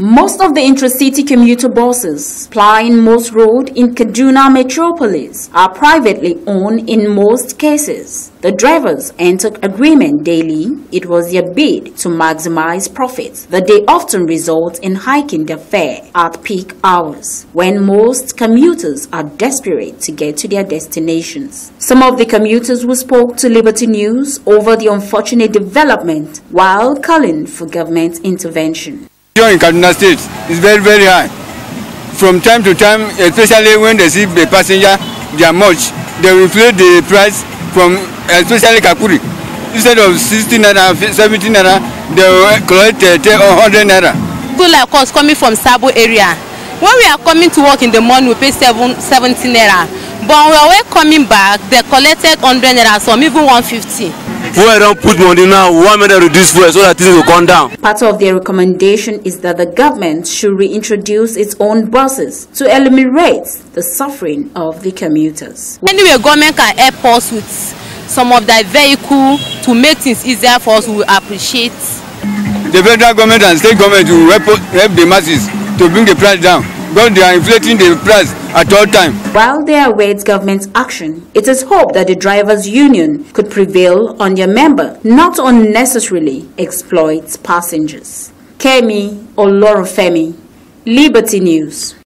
Most of the intracity commuter buses plying most road in Kaduna metropolis are privately owned in most cases. The drivers enter agreement daily. It was their bid to maximize profits that they often result in hiking their fare at peak hours when most commuters are desperate to get to their destinations. Some of the commuters who spoke to Liberty News over the unfortunate development while calling for government intervention. Here in Kaduna State is very very high. From time to time, especially when they see the passenger, they are much, they inflate the price from especially Kakuri. Instead of 60 naira, 70 naira, they will collect uh, 100 naira. People of course, coming from Sabo area, when we are coming to work in the morning, we pay seven, 70 naira. But when we are coming back, they collected 100 naira, some even 150 where don put money now we want make dem reduce fuel so that things go come down. part of their recommendation is that the government should reintroduce its own buses to eliminate the suffering of the commuters. anyway government can help us with some of their vehicle to make things easier for us we appreciate. the federal government and state government will help, help the masses to bring the price down. they are inflating the price at all times. While they await government's action, it is hoped that the drivers' union could prevail on their member, not unnecessarily exploit passengers. Kemi Olorofemi, Liberty News.